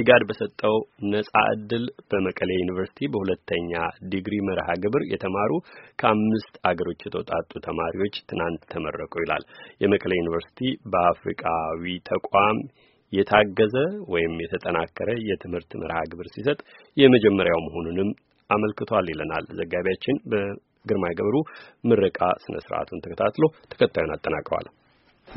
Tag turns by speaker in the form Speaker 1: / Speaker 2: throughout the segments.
Speaker 1: ኢጋድ በሰጠው ነጻ ዕድል በመቀሌ ዩኒቨርሲቲ በሁለተኛ ዲግሪ መርሃ ግብር የተማሩ ከአምስት አገሮች የተውጣጡ ተማሪዎች ትናንት ተመረቁ ይላል። የመቀሌ ዩኒቨርሲቲ በአፍሪካዊ ተቋም የታገዘ ወይም የተጠናከረ የትምህርት መርሃ ግብር ሲሰጥ የመጀመሪያው መሆኑንም አመልክቷል ይለናል ዘጋቢያችን። በግርማ ገብሩ ምረቃ ስነ ስርዓቱን ተከታትሎ ተከታዩን አጠናቅረዋል።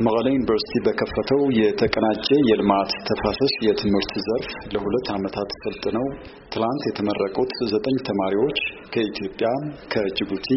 Speaker 2: መቀለ ዩኒቨርሲቲ በከፈተው የተቀናጀ የልማት ተፋሰስ የትምህርት ዘርፍ ለሁለት ዓመታት ሰልጥነው ትላንት የተመረቁት ዘጠኝ ተማሪዎች ከኢትዮጵያ፣ ከጅቡቲ፣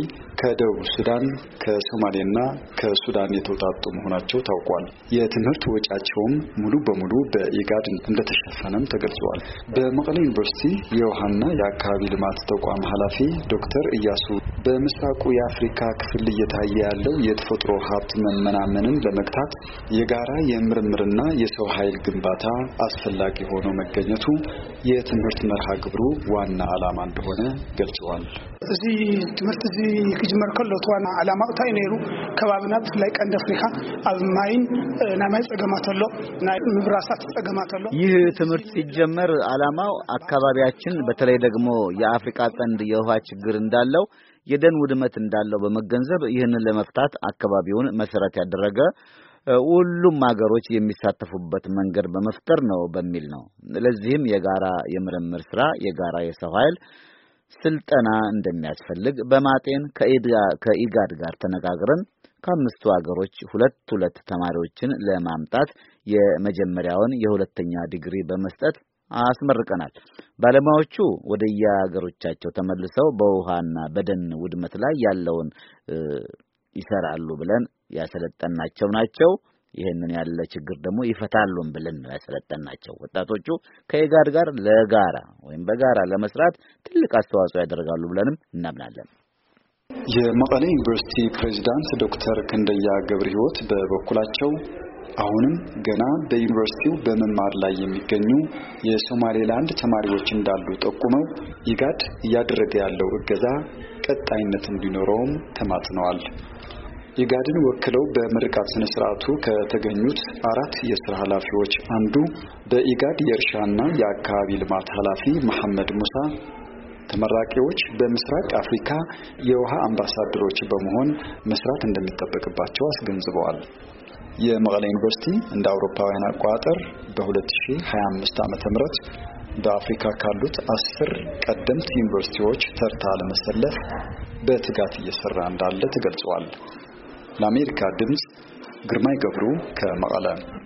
Speaker 2: ከደቡብ ሱዳን፣ ከሶማሌና ከሱዳን የተውጣጡ መሆናቸው ታውቋል። የትምህርት ወጪያቸውም ሙሉ በሙሉ በኢጋድ እንደተሸፈነም ተገልጿል። በመቀለ ዩኒቨርሲቲ የውሃና የአካባቢ ልማት ተቋም ኃላፊ ዶክተር እያሱ በምስራቁ የአፍሪካ ክፍል እየታየ ያለው የተፈጥሮ ሀብት መመናመንን ለመ ለመግታት የጋራ የምርምርና የሰው ኃይል ግንባታ አስፈላጊ ሆኖ መገኘቱ የትምህርት መርሃ ግብሩ ዋና ዓላማ እንደሆነ ገልጸዋል። እዚ ትምህርት እዚ ክጅመር ከሎት ዋና ዓላማ እንታይ ነይሩ ከባብና ብፍላይ ቀንዲ አፍሪካ ኣብ ማይን ናይ ማይ ፀገማት ኣሎ ናይ ምብራሳት ፀገማት ኣሎ።
Speaker 3: ይህ ትምህርት ሲጀመር ዓላማው አካባቢያችን በተለይ ደግሞ የአፍሪካ ቀንድ የውሃ ችግር እንዳለው የደን ውድመት እንዳለው በመገንዘብ ይህንን ለመፍታት አካባቢውን መሰረት ያደረገ ሁሉም ሀገሮች የሚሳተፉበት መንገድ በመፍጠር ነው በሚል ነው። ለዚህም የጋራ የምርምር ስራ፣ የጋራ የሰው ኃይል ስልጠና እንደሚያስፈልግ በማጤን ከኢጋድ ጋር ተነጋግረን ከአምስቱ ሀገሮች ሁለት ሁለት ተማሪዎችን ለማምጣት የመጀመሪያውን የሁለተኛ ዲግሪ በመስጠት አስመርቀናል። ባለሙያዎቹ ወደ የሀገሮቻቸው ተመልሰው በውሃና በደን ውድመት ላይ ያለውን ይሰራሉ ብለን ያሰለጠናቸው ናቸው። ይህንን ያለ ችግር ደግሞ ይፈታሉን ብለን ነው ያሰለጠናቸው። ወጣቶቹ ከኤጋድ ጋር ለጋራ ወይም በጋራ ለመስራት ትልቅ አስተዋጽኦ ያደርጋሉ ብለንም እናምናለን።
Speaker 2: የመቀሌ ዩኒቨርሲቲ ፕሬዚዳንት ዶክተር ክንደያ ገብረ ሕይወት በበኩላቸው አሁንም ገና በዩኒቨርሲቲው በመማር ላይ የሚገኙ የሶማሌላንድ ተማሪዎች እንዳሉ ጠቁመው ኢጋድ እያደረገ ያለው እገዛ ቀጣይነት እንዲኖረውም ተማጽነዋል። ኢጋድን ወክለው በምርቃት ስነ ስርዓቱ ከተገኙት አራት የስራ ኃላፊዎች አንዱ በኢጋድ የእርሻና የአካባቢ ልማት ኃላፊ መሐመድ ሙሳ ተመራቂዎች በምስራቅ አፍሪካ የውሃ አምባሳደሮች በመሆን መስራት እንደሚጠበቅባቸው አስገንዝበዋል። የመቀለ ዩኒቨርሲቲ እንደ አውሮፓውያን አቆጣጠር በ2025 ዓመተ ምህረት በአፍሪካ ካሉት አስር ቀደምት ዩኒቨርሲቲዎች ተርታ ለመሰለፍ በትጋት እየሰራ እንዳለ ተገልጿል። ለአሜሪካ ድምፅ ግርማይ ገብሩ ከመቀለ